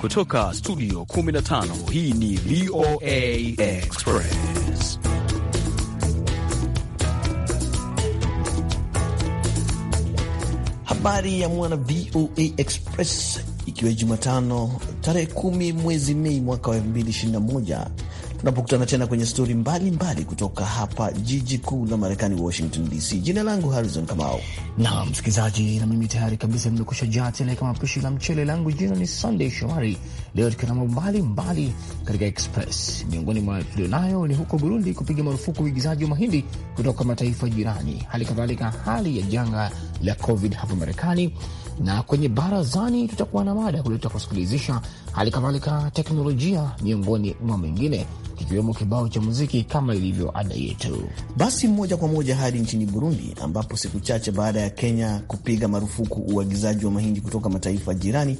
Kutoka studio 15 hii ni VOA Express. Habari ya mwana VOA Express, ikiwa Jumatano tarehe 10 mwezi Mei mwaka wa 2021 tunapokutana tena kwenye stori mbalimbali kutoka hapa jiji kuu la Marekani, Washington DC. Jina langu Harrison Kamau na msikilizaji, na mimi tayari kabisa nimekusha jaa tele kama pishi la mchele langu. Jina ni Sunday Shomari. Leo tukiwa na mambo mbalimbali katika Express. Miongoni mwa tulionayo ni huko Burundi kupiga marufuku uigizaji wa mahindi kutoka mataifa jirani, hali kadhalika hali ya janga la COVID hapa Marekani na kwenye barazani tutakuwa na mada kuleta kusikilizisha, hali kadhalika teknolojia, miongoni mwa mengine, kikiwemo kibao cha muziki kama ilivyo ada yetu. Basi moja kwa moja hadi nchini Burundi, ambapo siku chache baada ya Kenya kupiga marufuku uagizaji wa mahindi kutoka mataifa jirani,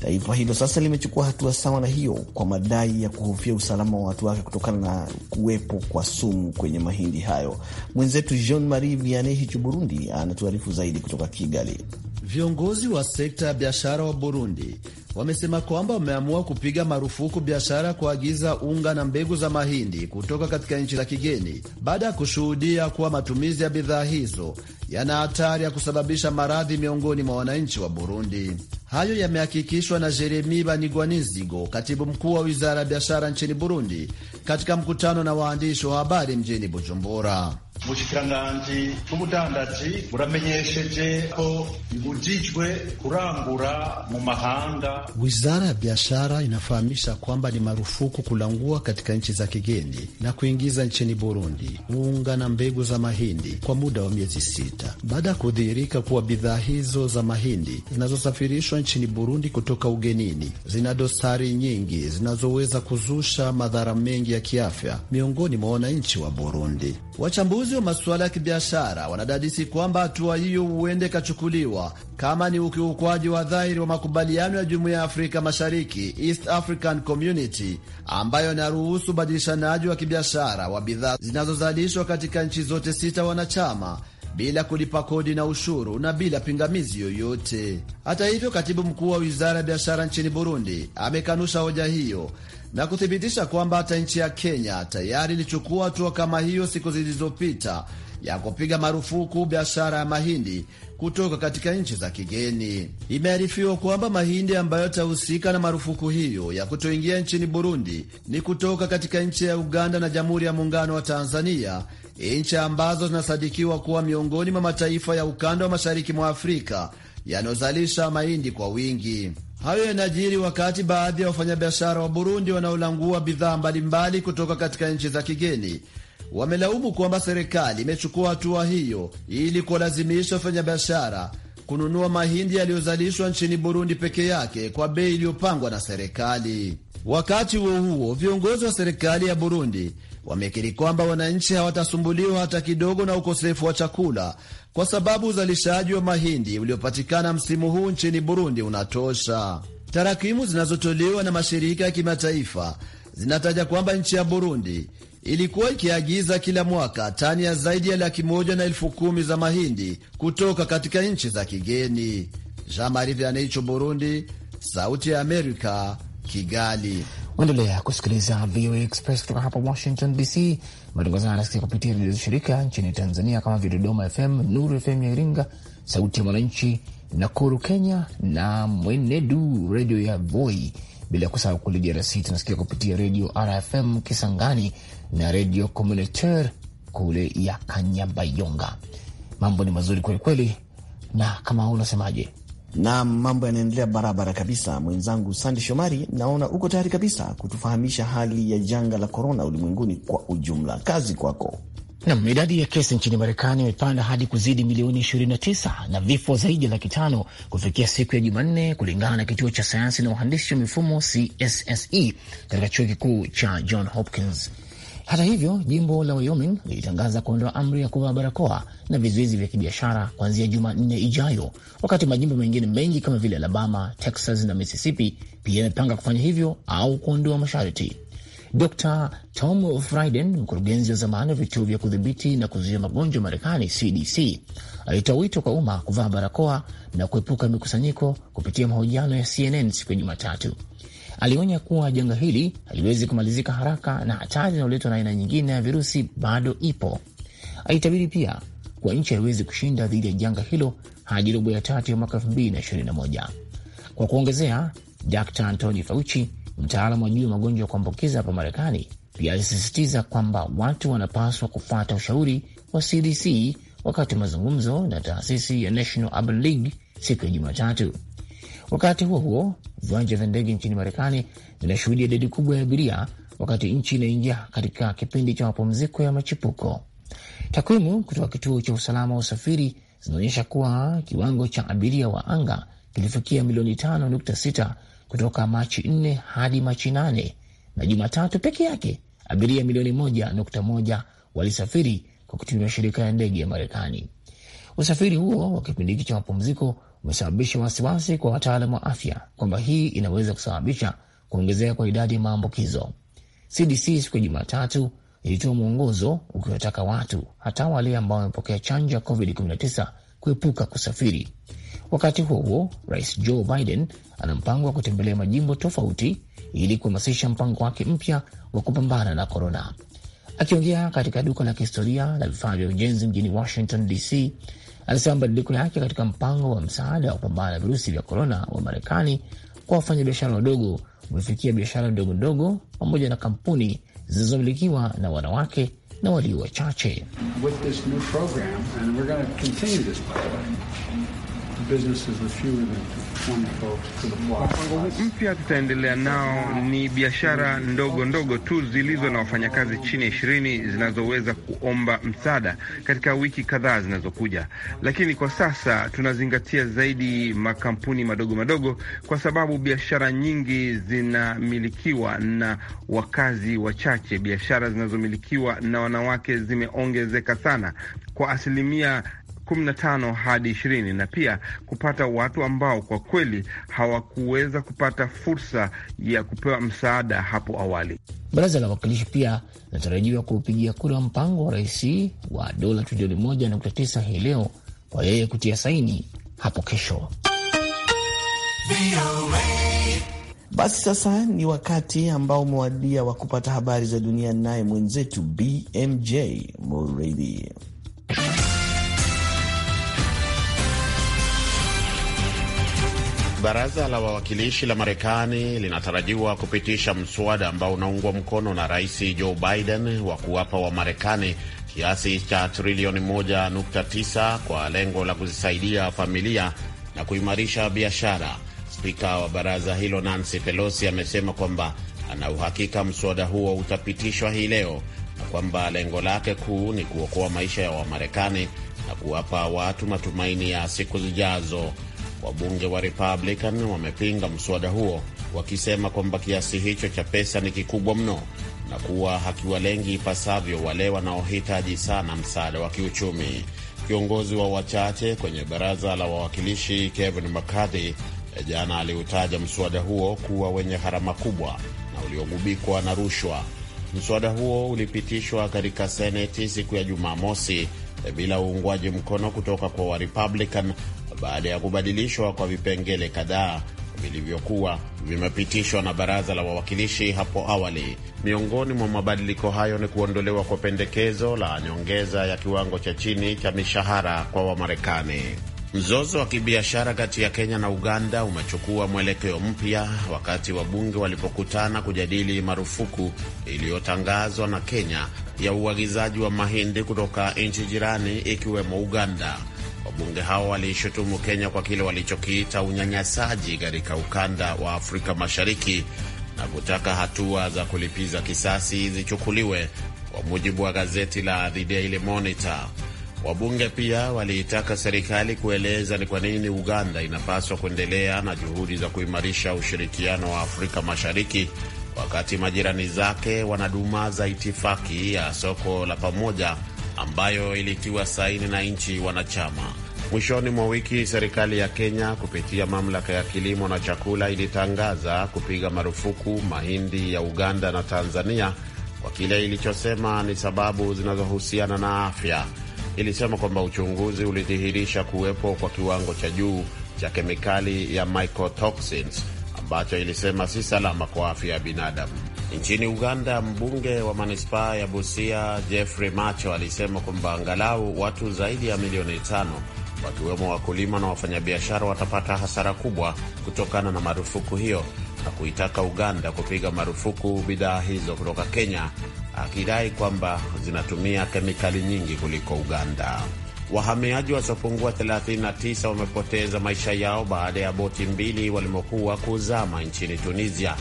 taifa hilo sasa limechukua hatua sawa na hiyo kwa madai ya kuhofia usalama wa watu wake kutokana na kuwepo kwa sumu kwenye mahindi hayo. Mwenzetu Jean Marie Vianney hichu Burundi anatuarifu zaidi kutoka Kigali. Viongozi wa sekta ya biashara wa Burundi wamesema kwamba wameamua kupiga marufuku biashara kuagiza unga na mbegu za mahindi kutoka katika nchi za kigeni baada ya kushuhudia kuwa matumizi ya bidhaa hizo yana hatari ya kusababisha maradhi miongoni mwa wananchi wa Burundi. Hayo yamehakikishwa na Jeremi Banigwanizigo, katibu mkuu wa wizara ya biashara nchini Burundi, katika mkutano na waandishi wa habari mjini Bujumbura ubushikiranganji bw'ubudandaji buramenyesheje ko ibujijwe kurangura mu mahanga. Wizara ya biashara inafahamisha kwamba ni marufuku kulangua katika nchi za kigeni na kuingiza nchini Burundi unga na mbegu za mahindi kwa muda wa miezi sita baada ya kudhihirika kuwa bidhaa hizo za mahindi zinazosafirishwa nchini Burundi kutoka ugenini zina dosari nyingi zinazoweza kuzusha madhara mengi ya kiafya miongoni mwa wananchi wa Burundi. Wachambuzi Wachambuzi wa masuala ya kibiashara wanadadisi kwamba hatua hiyo huende ikachukuliwa kama ni ukiukwaji wa dhahiri wa makubaliano ya Jumuiya ya Afrika Mashariki, East African Community, ambayo inaruhusu ubadilishanaji wa kibiashara wa bidhaa zinazozalishwa katika nchi zote sita wanachama bila kulipa kodi na ushuru na bila pingamizi yoyote. Hata hivyo, katibu mkuu wa wizara ya biashara nchini Burundi amekanusha hoja hiyo na kuthibitisha kwamba hata nchi ya Kenya tayari ilichukua hatua kama hiyo siku zilizopita ya kupiga marufuku biashara ya mahindi kutoka katika nchi za kigeni. Imearifiwa kwamba mahindi ambayo yatahusika na marufuku hiyo ya kutoingia nchini Burundi ni kutoka katika nchi ya Uganda na Jamhuri ya Muungano wa Tanzania, nchi ambazo zinasadikiwa kuwa miongoni mwa mataifa ya ukanda wa mashariki mwa Afrika yanayozalisha mahindi kwa wingi. Hayo yanajiri wakati baadhi ya wafanyabiashara wa Burundi wanaolangua bidhaa mbalimbali kutoka katika nchi za kigeni wamelaumu kwamba serikali imechukua hatua hiyo ili kuwalazimisha wafanyabiashara kununua mahindi yaliyozalishwa nchini Burundi peke yake kwa bei iliyopangwa na serikali. Wakati huo huo, viongozi wa serikali ya Burundi wamekiri kwamba wananchi hawatasumbuliwa hata kidogo na ukosefu wa chakula kwa sababu uzalishaji wa mahindi uliopatikana msimu huu nchini Burundi unatosha. Tarakimu zinazotolewa na mashirika ya kimataifa zinataja kwamba nchi ya Burundi ilikuwa ikiagiza kila mwaka tani ya zaidi ya laki moja na elfu kumi za mahindi kutoka katika nchi za kigeni. Jean Marie Vianney, Burundi, Sauti ya Amerika, Kigali. Waendelea kusikiliza VOA Express kutoka hapa Washington DC. Matangazo haya yanasikika kupitia redio za shirika nchini Tanzania kama vile Dodoma FM, Nuru FM ya Iringa, Sauti ya Mwananchi Nakuru Kenya na Mwenedu redio ya Voi, bila kusahau kule DRC tunasikia kupitia redio RFM Kisangani na redio Communautaire kule ya Kanyabayonga. Mambo ni mazuri kwelikweli, na kama unasemaje? na mambo yanaendelea barabara kabisa. Mwenzangu Sandi Shomari, naona uko tayari kabisa kutufahamisha hali ya janga la korona ulimwenguni kwa ujumla. Kazi kwako. Nam, idadi ya kesi nchini Marekani imepanda hadi kuzidi milioni 29 na vifo zaidi ya laki tano kufikia siku ya Jumanne, kulingana na kituo cha sayansi na uhandisi wa mifumo CSSE katika chuo kikuu cha John Hopkins. Hata hivyo, jimbo la Wyoming lilitangaza kuondoa amri ya kuvaa barakoa na vizuizi vya kibiashara kuanzia Jumanne ijayo, wakati majimbo mengine mengi kama vile Alabama, Texas na Mississippi pia yamepanga kufanya hivyo au kuondoa masharti. Dr Tom Frieden, mkurugenzi wa zamani wa vituo vya kudhibiti na kuzuia magonjwa Marekani, CDC, alitoa wito kwa umma kuvaa barakoa na kuepuka mikusanyiko kupitia mahojiano ya CNN siku ya Jumatatu alionya kuwa janga hili haliwezi kumalizika haraka na hatari inayoletwa na aina nyingine ya virusi bado ipo. Aitabiri pia kuwa nchi haiwezi kushinda dhidi ya janga hilo hadi robo ya tatu ya mwaka 2021. Kwa kuongezea, Dr Anthony Fauci, mtaalamu wa juu ya magonjwa ya kuambukiza hapa Marekani, pia alisisitiza kwamba watu wanapaswa kufuata ushauri wa CDC wakati wa mazungumzo na taasisi ya National Urban League siku ya Jumatatu. Wakati huo huo, viwanja vya ndege nchini Marekani vinashuhudia idadi kubwa ya abiria, wakati nchi inaingia katika kipindi cha mapumziko ya machipuko. Takwimu kutoka kituo cha usalama wa usafiri zinaonyesha kuwa kiwango cha abiria wa anga kilifikia milioni 5.6 kutoka Machi 4 hadi Machi 8, na Jumatatu peke yake abiria milioni 1.1 walisafiri kwa kutumia shirika ya ndege ya Marekani. Usafiri huo wa kipindi hiki cha mapumziko umesababisha wasiwasi kwa wataalam wa afya kwamba hii inaweza kusababisha kuongezeka kwa idadi ya maambukizo. CDC siku ya Jumatatu ilitoa mwongozo ukiwataka watu, hata wale ambao wamepokea chanjo ya COVID-19 kuepuka kusafiri. Wakati huo huo, Rais Joe Biden ana mpango wa kutembelea majimbo tofauti ili kuhamasisha mpango wake mpya wa kupambana na korona. Akiongea katika duka la kihistoria la vifaa vya ujenzi mjini Washington DC, Anasema mabadiliko yake katika mpango wa msaada wa kupambana na virusi vya korona wa Marekani kwa wafanyabiashara wadogo umefikia biashara ndogo ndogo pamoja na kampuni zilizomilikiwa na wanawake na walio wachache mpya tutaendelea nao ni biashara ndogo ndogo tu zilizo na wafanyakazi chini ya ishirini zinazoweza kuomba msaada katika wiki kadhaa zinazokuja, lakini kwa sasa tunazingatia zaidi makampuni madogo madogo, kwa sababu biashara nyingi zinamilikiwa na wakazi wachache. Biashara zinazomilikiwa na wanawake zimeongezeka sana kwa asilimia 15 hadi 20 na pia kupata watu ambao kwa kweli hawakuweza kupata fursa ya kupewa msaada hapo awali. Baraza la Wawakilishi pia linatarajiwa kuupigia kura mpango wa rais wa dola trilioni 1.9 hii leo kwa yeye kutia saini hapo kesho. Basi sasa ni wakati ambao umewadia wa kupata habari za dunia, naye mwenzetu BMJ Muridhi. Baraza la Wawakilishi la Marekani linatarajiwa kupitisha mswada ambao unaungwa mkono na Rais Joe Biden wa kuwapa Wamarekani kiasi cha trilioni 1.9 kwa lengo la kuzisaidia familia na kuimarisha biashara. Spika wa baraza hilo Nancy Pelosi amesema kwamba ana uhakika mswada huo utapitishwa hii leo na kwamba lengo lake kuu ni kuokoa maisha ya Wamarekani na kuwapa watu matumaini ya siku zijazo Wabunge wa Republican wamepinga mswada huo wakisema kwamba kiasi hicho cha pesa ni kikubwa mno na kuwa hakiwalengi ipasavyo wale wanaohitaji sana msaada wa kiuchumi. Kiongozi wa wachache kwenye baraza la wawakilishi Kevin McCarthy jana aliutaja mswada huo kuwa wenye gharama kubwa na uliogubikwa na rushwa. Mswada huo ulipitishwa katika Seneti siku ya Jumamosi bila uungwaji mkono kutoka kwa Warepublican baada ya kubadilishwa kwa vipengele kadhaa vilivyokuwa vimepitishwa na baraza la wawakilishi hapo awali. Miongoni mwa mabadiliko hayo ni kuondolewa kwa pendekezo la nyongeza ya kiwango cha chini cha mishahara kwa Wamarekani. Mzozo wa kibiashara kati ya Kenya na Uganda umechukua mwelekeo mpya wakati wabunge walipokutana kujadili marufuku iliyotangazwa na Kenya ya uagizaji wa mahindi kutoka nchi jirani ikiwemo Uganda. Wabunge hao waliishutumu Kenya kwa kile walichokiita unyanyasaji katika ukanda wa Afrika Mashariki na kutaka hatua za kulipiza kisasi zichukuliwe, kwa mujibu wa gazeti la The Daily Monitor. Wabunge pia waliitaka serikali kueleza ni kwa nini Uganda inapaswa kuendelea na juhudi za kuimarisha ushirikiano wa Afrika Mashariki wakati majirani zake wanadumaza itifaki ya soko la pamoja ambayo ilitiwa saini na nchi wanachama. Mwishoni mwa wiki serikali ya Kenya kupitia mamlaka ya kilimo na chakula ilitangaza kupiga marufuku mahindi ya Uganda na Tanzania kwa kile ilichosema ni sababu zinazohusiana na afya. Ilisema kwamba uchunguzi ulidhihirisha kuwepo kwa kiwango cha juu cha kemikali ya mycotoxins ambacho ilisema si salama kwa afya ya binadamu. Nchini Uganda, mbunge wa manispaa ya Busia Jeffrey Macho alisema kwamba angalau watu zaidi ya milioni tano wakiwemo wakulima na wafanyabiashara watapata hasara kubwa kutokana na marufuku hiyo na kuitaka Uganda kupiga marufuku bidhaa hizo kutoka Kenya, akidai kwamba zinatumia kemikali nyingi kuliko Uganda. Wahamiaji wasiopungua 39 wamepoteza maisha yao baada ya boti mbili walimokuwa kuzama nchini Tunisia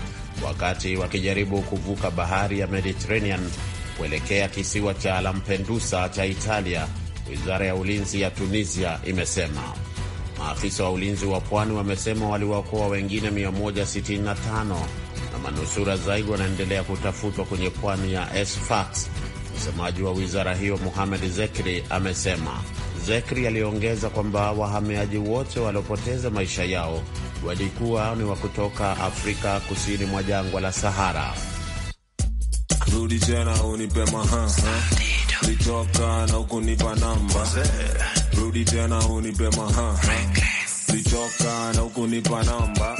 wakati wakijaribu kuvuka bahari ya Mediterranean kuelekea kisiwa cha Lampedusa cha Italia wizara ya ulinzi ya Tunisia imesema. Maafisa wa ulinzi wa pwani wamesema waliwaokoa wengine 165 na manusura zaidi wanaendelea kutafutwa kwenye pwani ya sfax Msemaji wa wizara hiyo Muhamed Zekri amesema. Zekri aliongeza kwamba wahamiaji wote waliopoteza maisha yao walikuwa ni wa kutoka Afrika kusini mwa jangwa la Sahara. Rudi tena unipe lichoka na ukunipa namba, rudi tena unipe maha, lichoka na ukunipa namba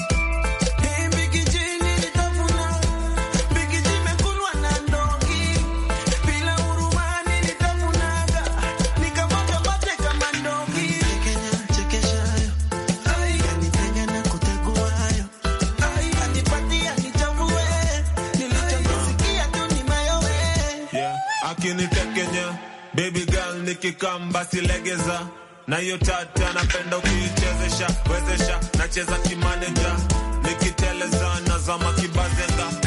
Baby girl nikikamba silegeza na hiyo tata napenda ukiichezesha wezesha nacheza kimaneja nikiteleza nazama kibazenga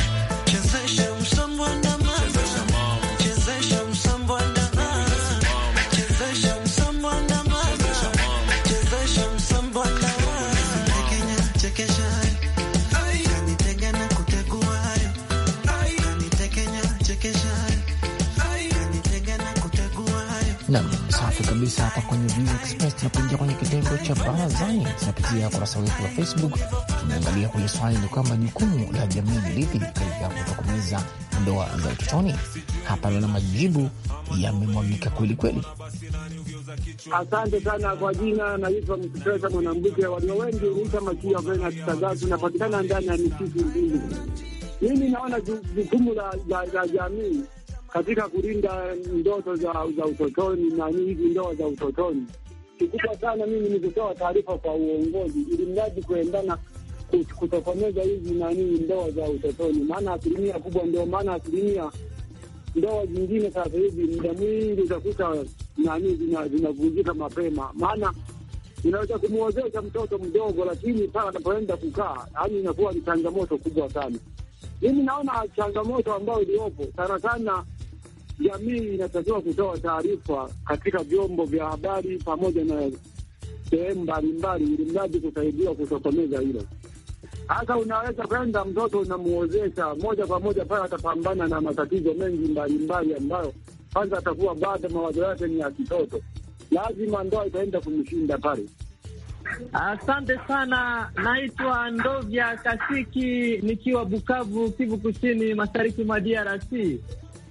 safi kabisa hapa kwenye View Express. Tunapoingia kwenye kitengo cha barazani, tunapitia ukurasa wetu wa Facebook, tunaangalia kwenye swali ni kwamba jukumu la jamii ni lipi katika kutokomeza ndoa za utotoni. Hapa naona majibu yamemwagika kweli kweli. Asante sana kwa jina, naitwa Mkipesa Mwanambuke. Walio wengi huita makia vena kitagazi, unapatikana ndani ya misitu mbili. Mimi naona jukumu la jamii katika kulinda ndoto za za utotoni na hizi ndoa za utotoni. Kikubwa sana mimi ni kutoa taarifa kwa uongozi, ili mradi kuendana kutokomeza hizi nanii ndoa za utotoni, maana asilimia kubwa, ndio maana asilimia ndoa zingine sasa hivi muda mwingi utakuta nani zinavunjika mapema, maana inaweza kumwozesha mtoto mdogo, lakini mpaka anapoenda kukaa, yaani inakuwa ni changamoto kubwa sana. Mimi naona changamoto ambayo iliyopo sana sana jamii inatakiwa kutoa taarifa katika vyombo vya habari pamoja na sehemu mbalimbali, ili mradi kusaidia kutokomeza hilo. Hasa unaweza kwenda mtoto unamuozesha moja kwa moja pale, atapambana na matatizo mengi mbalimbali ambayo kwanza atakuwa bado mawazo yake ni ya kitoto, lazima ndoa itaenda kumshinda pale. Asante sana. Naitwa Ndovya Kasiki nikiwa Bukavu, Kivu Kusini, mashariki mwa DRC.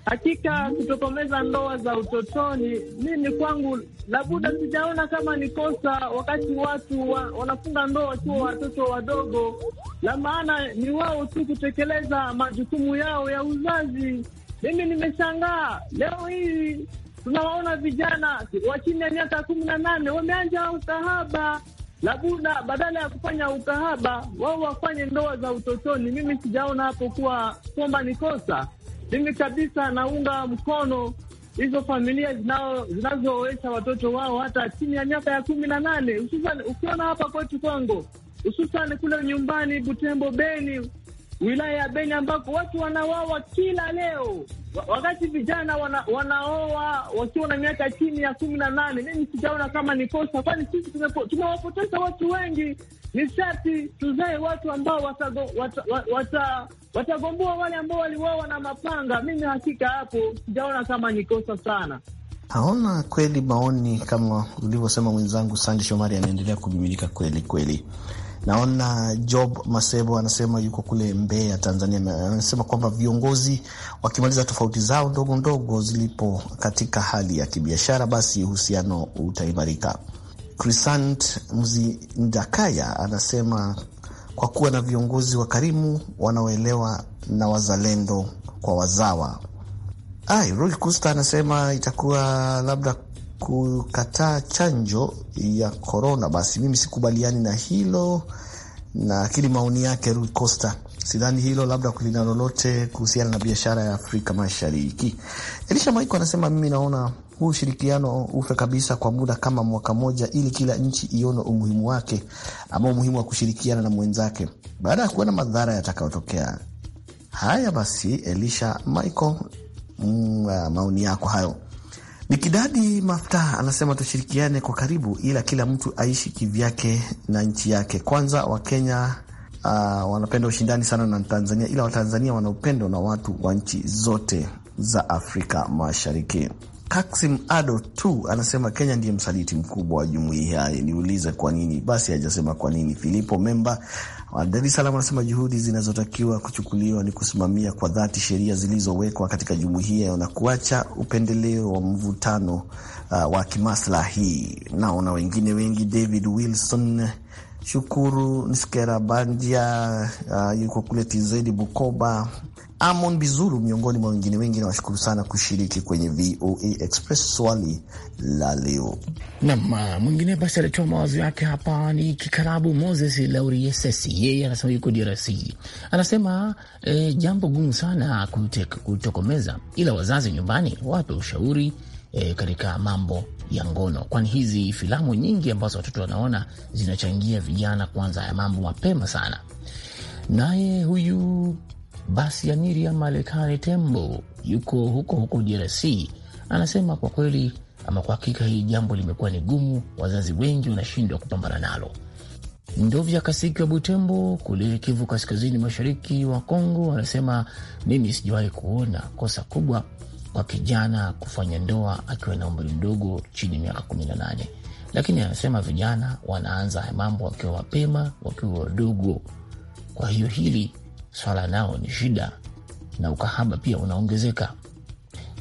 Hakika kutokomeza ndoa za utotoni, mimi kwangu labuda sijaona kama ni kosa, wakati watu wa, wanafunga ndoa wakiwa watoto wadogo, la maana ni wao tu kutekeleza majukumu yao ya uzazi. Mimi nimeshangaa leo hii tunawaona vijana wa chini ya miaka kumi na nane wameanja ukahaba. Labuda badala ya kufanya ukahaba wao wafanye ndoa za utotoni. Mimi sijaona hapo kuwa kwamba ni kosa mimi kabisa naunga mkono hizo familia zinazoowesha watoto wao hata chini ya miaka ya kumi na nane hususan ukiona hapa kwetu Kongo, hususan kule nyumbani Butembo, Beni wilaya ya Beni ambako watu wanawawa kila leo, wakati vijana wana, wanaoa wakiwa na miaka chini ya kumi na nane. Mimi sijaona kama ni kosa, kwani sisi tumewapoteza watu wengi. Ni sharti tuzae watu ambao watagombua wale ambao waliwawa na mapanga. Mimi hakika hapo sijaona kama ni kosa sana. Naona kweli maoni kama ulivyosema mwenzangu Sande Shomari anaendelea kumiminika kweli kweli. Naona Job Masebo anasema yuko kule Mbeya, Tanzania, anasema kwamba viongozi wakimaliza tofauti zao ndogo ndogo zilipo katika hali ya kibiashara, basi uhusiano utaimarika. Crisant Mzindakaya anasema kwa kuwa na viongozi wakarimu wanaoelewa na wazalendo kwa wazawa. Ai, Rol Kusta anasema itakuwa labda kukataa chanjo ya korona, basi mimi sikubaliani na hilo, na akili maoni yake Rui Costa. Sidhani hilo labda kulina lolote kuhusiana na biashara ya Afrika Mashariki. Elisha Maiko anasema mimi naona huu ushirikiano ufe kabisa kwa muda kama mwaka moja, ili kila nchi ione umuhimu wake ama umuhimu wa kushirikiana na mwenzake baada ya kuona madhara yatakayotokea. Haya basi, Elisha Maiko, mm, maoni yako hayo kidadi Mafta anasema tushirikiane kwa karibu, ila kila mtu aishi kivyake na nchi yake kwanza. Wakenya uh, ah, wanapenda ushindani sana na Tanzania, ila Watanzania wana upendo na watu wa nchi zote za Afrika Mashariki. Kaksim Ado tu anasema Kenya ndiye msaliti mkubwa wa jumuiya. Niulize kwa nini basi, hajasema kwa nini. Filipo Memba wa Dar es Salaam anasema juhudi zinazotakiwa kuchukuliwa ni kusimamia kwa dhati sheria zilizowekwa katika jumuiya na kuacha upendeleo wa mvutano uh, wa kimaslahi. Naona wengine wengi, David Wilson Shukuru Bandia uh, yuko kule Tizedi Bukoba, Amon Bizuru miongoni mwa wengine wengi. Nawashukuru sana kushiriki kwenye VOA Express swali la leo. Nam uh, mwingine basi alitoa mawazo yake hapa ni Kikarabu Moses Lauriesesi, yeye anasema yuko DRC. Anasema e, jambo gumu sana kutokomeza, ila wazazi nyumbani wape ushauri e, katika mambo ya ngono, kwani hizi filamu nyingi ambazo watoto wanaona zinachangia vijana kuanza haya mambo mapema sana. Naye huyu basi amiri ya Marekani Tembo yuko huko huko DRC anasema kwa kweli ama kwa hakika, hili jambo limekuwa ni gumu, wazazi wengi wanashindwa kupambana nalo. Ndovya Kasiki wa Butembo kule Kivu kaskazini mashariki wa Kongo anasema mimi sijawahi kuona kosa kubwa kwa kijana kufanya ndoa akiwa na umri mdogo chini ya miaka 18, lakini anasema vijana wanaanza mambo wakiwa mapema, wakiwa wadogo. Kwa hiyo hili swala nao ni shida na ukahaba pia unaongezeka.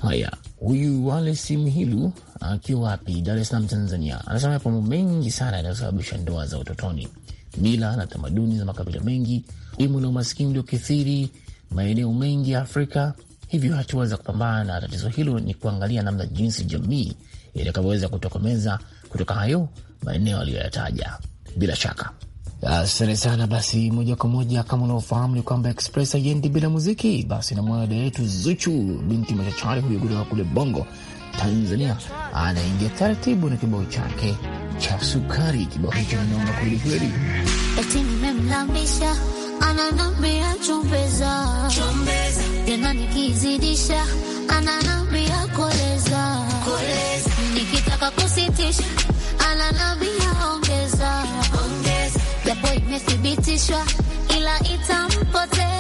Haya, huyu simu hilu akiwa wapi, Dar es Salaam, Tanzania, anasema yapo mambo mengi sana yanayosababisha ndoa za utotoni, mila na tamaduni za makabila mengi, elimu na umaskini uliokithiri maeneo mengi ya Afrika. Hivyo hatua za kupambana na tatizo hilo ni kuangalia namna jinsi jamii itakavyoweza kutokomeza kutoka hayo maeneo aliyoyataja. Bila shaka Asante ah, sana. Basi moja kwa moja, kama unavyofahamu ni kwamba Express haiendi bila muziki. Basi na mwanadada yetu Zuchu binti machachari huyo kutoka kule Bongo, Tanzania, anaingia taratibu na kibao chake cha sukari. Kibao hicho ninaona kweli kweli, eti nimemlambisha ananambia tena nikizidisha ananambia koleza, nikitaka kusitisha ananambia japo imethibitishwa ila itampotea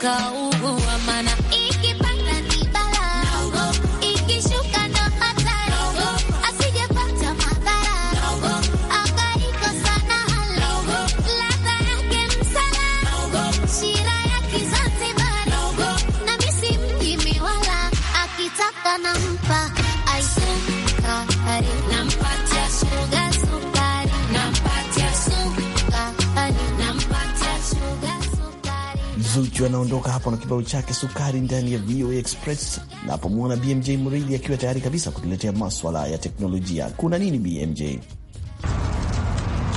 boca anaondoka hapo na kibao chake sukari ndani ya VOA Express, napomwona BMJ Mridhi akiwa tayari kabisa kutuletea maswala ya teknolojia. Kuna nini BMJ?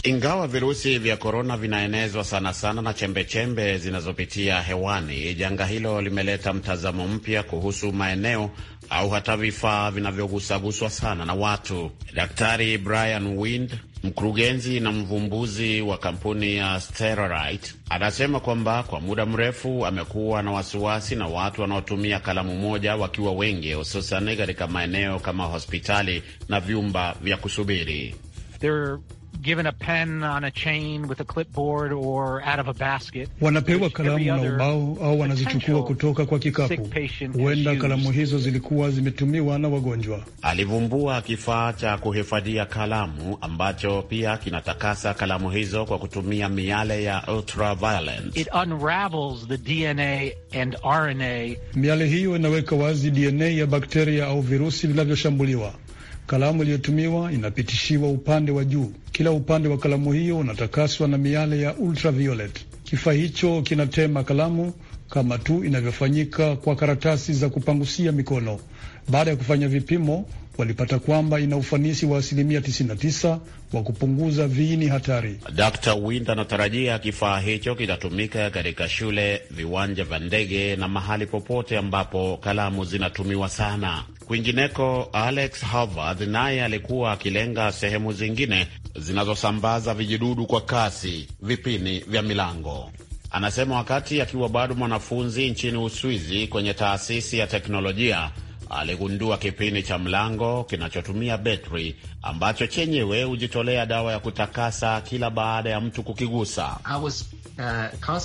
Ingawa virusi vya korona vinaenezwa sana sana na chembechembe zinazopitia hewani, janga hilo limeleta mtazamo mpya kuhusu maeneo au hata vifaa vinavyogusaguswa sana na watu. Daktari Brian Wind Mkurugenzi na mvumbuzi wa kampuni ya Steralite anasema kwamba kwa muda mrefu amekuwa na wasiwasi na watu wanaotumia kalamu moja wakiwa wengi, hususani katika maeneo kama hospitali na vyumba vya kusubiri. They're given a pen on a chain with a clipboard or out of a basket. Wanapewa kalamu na ubao au wanazichukua kutoka kwa kikapu. Huenda kalamu hizo zilikuwa zimetumiwa na wagonjwa. Alivumbua kifaa cha kuhifadhia kalamu ambacho pia kinatakasa kalamu hizo kwa kutumia miale ya ultraviolet. It unravels the DNA and RNA. Miale hiyo inaweka wazi DNA ya bakteria au virusi vinavyoshambuliwa Kalamu iliyotumiwa inapitishiwa upande wa juu. Kila upande wa kalamu hiyo unatakaswa na miale ya ultraviolet. Kifaa hicho kinatema kalamu kama tu inavyofanyika kwa karatasi za kupangusia mikono. Baada ya kufanya vipimo walipata kwamba ina ufanisi wa asilimia 99 wa kupunguza viini hatari. Dr Wind anatarajia kifaa hicho kitatumika katika shule, viwanja vya ndege na mahali popote ambapo kalamu zinatumiwa sana. Kwingineko, Alex Harvard naye alikuwa akilenga sehemu zingine zinazosambaza vijidudu kwa kasi, vipini vya milango. Anasema wakati akiwa bado mwanafunzi nchini Uswizi kwenye taasisi ya teknolojia aligundua kipini cha mlango kinachotumia betri ambacho chenyewe hujitolea dawa ya kutakasa kila baada ya mtu kukigusa. uh,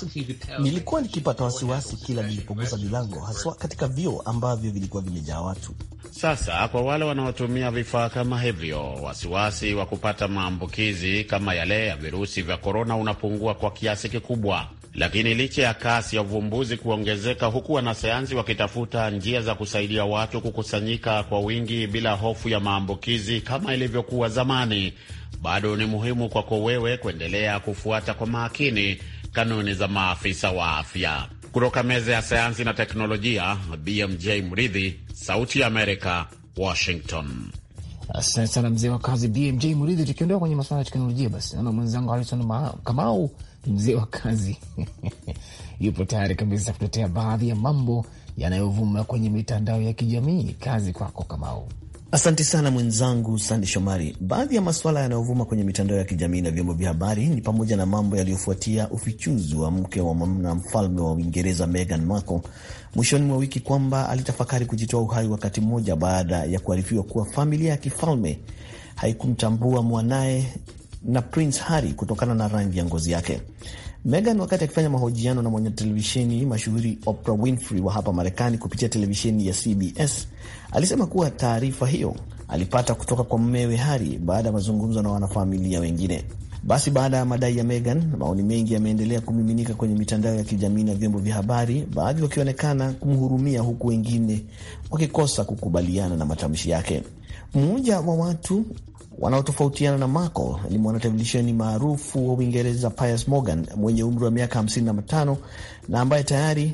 nilikuwa nikipata wasiwasi kila nilipogusa milango, haswa katika vyoo ambavyo vilikuwa vimejaa watu. Sasa kwa wale wanaotumia vifaa kama hivyo, wasiwasi wa kupata maambukizi kama yale ya virusi vya korona unapungua kwa kiasi kikubwa. Lakini licha ya kasi ya uvumbuzi kuongezeka, huku wanasayansi wakitafuta njia za kusaidia watu kukusanyika kwa wingi bila hofu ya maambukizi kama ilivyokuwa zamani, bado ni muhimu kwako wewe kuendelea kufuata kwa makini kanuni za maafisa wa afya. Kutoka meza ya sayansi na teknolojia, BMJ Mridhi, Sauti ya Amerika, Washington. Asante sana mzee wa kazi BMJ Mridhi. Tukiondoka kwenye masuala ya teknolojia, basi naona mwenzangu Harison Kamau mzee wa kazi yupo tayari kabisa kutetea baadhi ya mambo yanayovuma kwenye mitandao ya kijamii. Kazi kwako Kamau. Asante sana mwenzangu Sande Shomari. Baadhi ya masuala yanayovuma kwenye mitandao ya kijamii na vyombo vya habari ni pamoja na mambo yaliyofuatia ufichuzi wa mke wa mwana mfalme wa Uingereza Meghan Markle mwishoni mwa wiki kwamba alitafakari kujitoa uhai wakati mmoja baada ya kuarifiwa kuwa familia ya kifalme haikumtambua mwanaye na Prince Harry kutokana na rangi ya ngozi yake. Megan wakati akifanya mahojiano na mwenye televisheni mashuhuri Oprah Winfrey wa hapa Marekani kupitia televisheni ya CBS alisema kuwa taarifa hiyo alipata kutoka kwa mmewe Harry baada ya mazungumzo na wanafamilia wengine. Basi baada ya madai ya Megan, maoni mengi yameendelea kumiminika kwenye mitandao ya kijamii na vyombo vya habari, baadhi wakionekana kumhurumia huku wengine wakikosa kukubaliana na matamshi yake. Mmoja wa watu wanaotofautiana na Marco ni mwanatelevisheni maarufu wa Uingereza Piers Morgan mwenye umri wa miaka 55 na ambaye tayari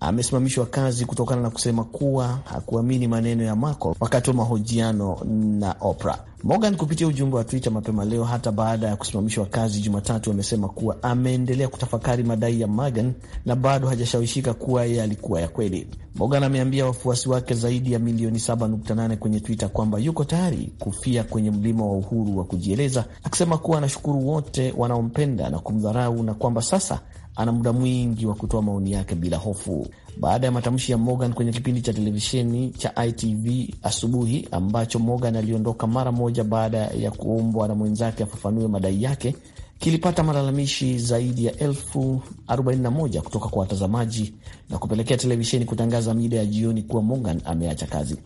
amesimamishwa kazi kutokana na kusema kuwa hakuamini maneno ya Marco wakati wa mahojiano na Oprah. Morgan kupitia ujumbe wa Twitter mapema leo, hata baada ya kusimamishwa kazi Jumatatu, amesema kuwa ameendelea kutafakari madai ya magan na bado hajashawishika kuwa yeye alikuwa ya kweli. Morgan ameambia wafuasi wake zaidi ya milioni 7.8 kwenye Twitter kwamba yuko tayari kufia kwenye mlima wa uhuru wa kujieleza, akisema kuwa anashukuru wote wanaompenda na kumdharau na kwamba sasa ana muda mwingi wa kutoa maoni yake bila hofu. Baada ya matamshi ya Morgan kwenye kipindi cha televisheni cha ITV asubuhi, ambacho Morgan aliondoka mara moja baada ya kuombwa na mwenzake afafanue madai yake, kilipata malalamishi zaidi ya elfu 41 kutoka kwa watazamaji na kupelekea televisheni kutangaza mida ya jioni kuwa Morgan ameacha kazi.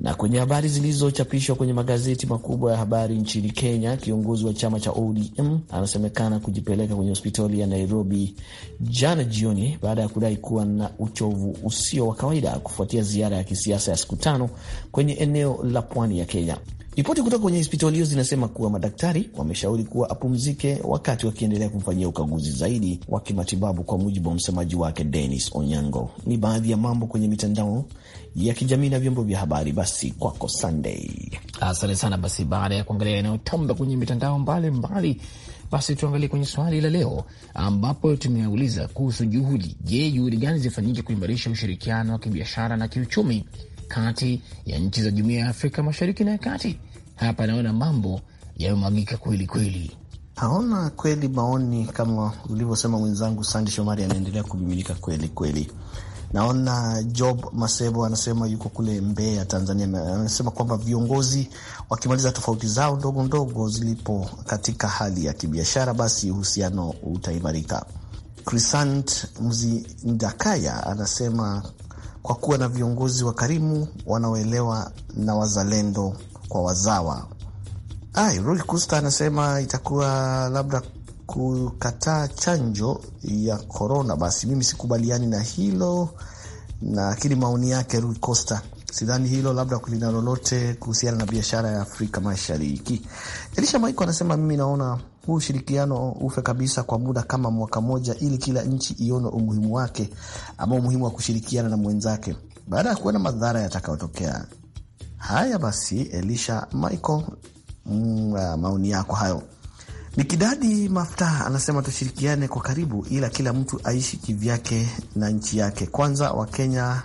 Na kwenye habari zilizochapishwa kwenye magazeti makubwa ya habari nchini Kenya, kiongozi wa chama cha ODM anasemekana kujipeleka kwenye hospitali ya Nairobi jana jioni baada ya kudai kuwa na uchovu usio wa kawaida kufuatia ziara ya kisiasa ya siku tano kwenye eneo la pwani ya Kenya. Ripoti kutoka kwenye hospitali hiyo zinasema kuwa madaktari wameshauri kuwa apumzike wakati wakiendelea kumfanyia ukaguzi zaidi wa kimatibabu, kwa mujibu wa msemaji wake Dennis Onyango. Ni baadhi ya mambo kwenye mitandao ya kijamii na vyombo vya habari. Basi kwako Sunday. Asante sana. Basi baada ya kuangalia yanayotamba kwenye mitandao mbalimbali basi tuangalie kwenye swali la leo ambapo tumeuliza kuhusu juhudi. Je, juhudi gani zifanyike kuimarisha ushirikiano wa kibiashara na kiuchumi kati ya nchi za jumuiya ya Afrika Mashariki na ya Kati? Hapa naona mambo yamemwagika kweli kweli. Haona kweli, maoni kama ulivyosema mwenzangu Sandi Shomari anaendelea kumiminika kweli kweli. Naona Job Masebo anasema yuko kule Mbeya, Tanzania. Anasema kwamba viongozi wakimaliza tofauti zao ndogo ndogo zilipo katika hali ya kibiashara, basi uhusiano utaimarika. Crisant Mzindakaya anasema kwa kuwa na viongozi wakarimu wanaoelewa na wazalendo kwa wazawa. Irul ah, Kusta anasema itakuwa labda kukataa chanjo ya korona. Basi mimi sikubaliani na hilo, lakini maoni yake Rui Costa, sidhani hilo labda kulina lolote kuhusiana na biashara ya Afrika Mashariki. Elisha Maiko anasema mimi naona huu ushirikiano ufe kabisa kwa muda kama mwaka moja, ili kila nchi ione umuhimu wake ama umuhimu wa kushirikiana na mwenzake baada ya kuona madhara yatakayotokea. Haya basi, Elisha Michael, mm, uh, maoni yako hayo. ni kidadi mafuta anasema tushirikiane kwa karibu, ila kila mtu aishi kivyake na nchi yake kwanza. Wakenya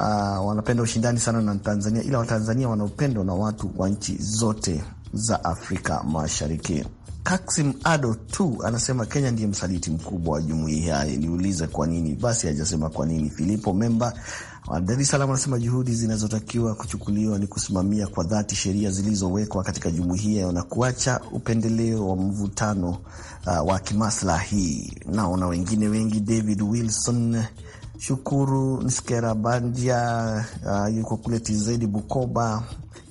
uh, wanapenda ushindani sana na Tanzania, ila Watanzania wana upendo na watu wa nchi zote za Afrika Mashariki. Kaksim Ado tu anasema Kenya ndiye msaliti mkubwa wa jumuiya. Niulize kwa nini basi, hajasema kwa nini. Filipo Memba salam anasema juhudi zinazotakiwa kuchukuliwa ni kusimamia kwa dhati sheria zilizowekwa katika jumuiya na kuacha upendeleo wa mvutano uh, wa kimaslahi. Naona wengine wengi, David Wilson, Shukuru Bandia uh, yuko kule Tizedi, Bukoba,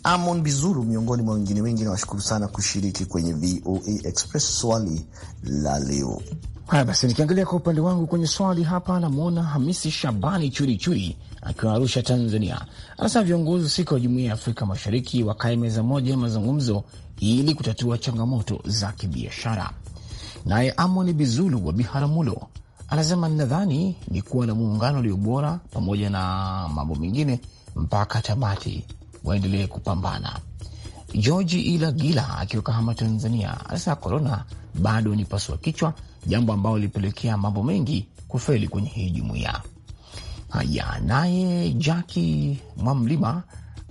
Amon Bizuru miongoni mwa wengine wengi. Nawashukuru sana kushiriki kwenye VOA Express swali la leo. Haya basi, nikiangalia kwa upande wangu kwenye swali hapa, namwona Hamisi Shabani Churichuri akiwa Arusha, Tanzania, anasema viongozi siku ya Jumuiya ya Afrika Mashariki wakae meza moja ya mazungumzo ili kutatua changamoto za kibiashara. Naye Amon Bizulu wa Biharamulo anasema ninadhani ni kuwa na muungano ulio bora pamoja na mambo mengine mpaka tamati waendelee kupambana. George Gila akiwa Kahama, Tanzania, anasema korona bado ni pasua kichwa, jambo ambalo lilipelekea mambo mengi kufeli kwenye hii jumuiya. Haya, naye Jaki Mwamlima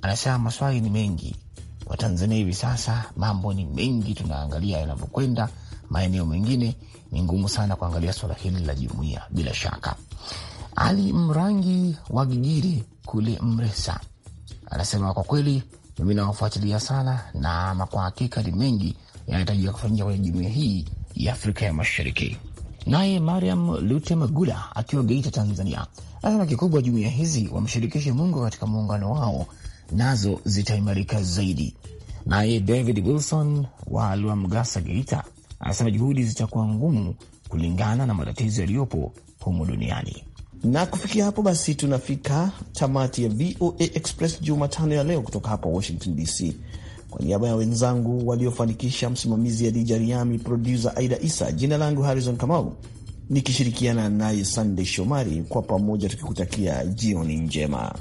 anasema maswali ni mengi kwa Tanzania hivi sasa, mambo ni mengi, tunaangalia yanavyokwenda maeneo mengine, ni ngumu sana kuangalia swala hili la jumuiya. Bila shaka, Ali Mrangi wa Gigiri kule Mresa Anasema kwa kweli mimi nawafuatilia sana, na ama kwa hakika ni mengi yanahitajika kufanyika kwenye jumuiya hii ya Afrika ya Mashariki. Naye Mariam Lute Magula akiwa Geita, Tanzania, anasema kikubwa jumuiya hizi wamshirikishe Mungu katika muungano wao, nazo zitaimarika zaidi. Naye David Wilson wa Lwamgasa, Geita, anasema juhudi zitakuwa ngumu kulingana na matatizo yaliyopo humu duniani. Na kufikia hapo basi, tunafika tamati ya VOA Express Jumatano ya leo kutoka hapa Washington DC. Kwa niaba ya wenzangu waliofanikisha, msimamizi Adija Riami, produsa Aida Isa, jina langu Harrison Kamau nikishirikiana naye Sandey Shomari, kwa pamoja tukikutakia jioni njema.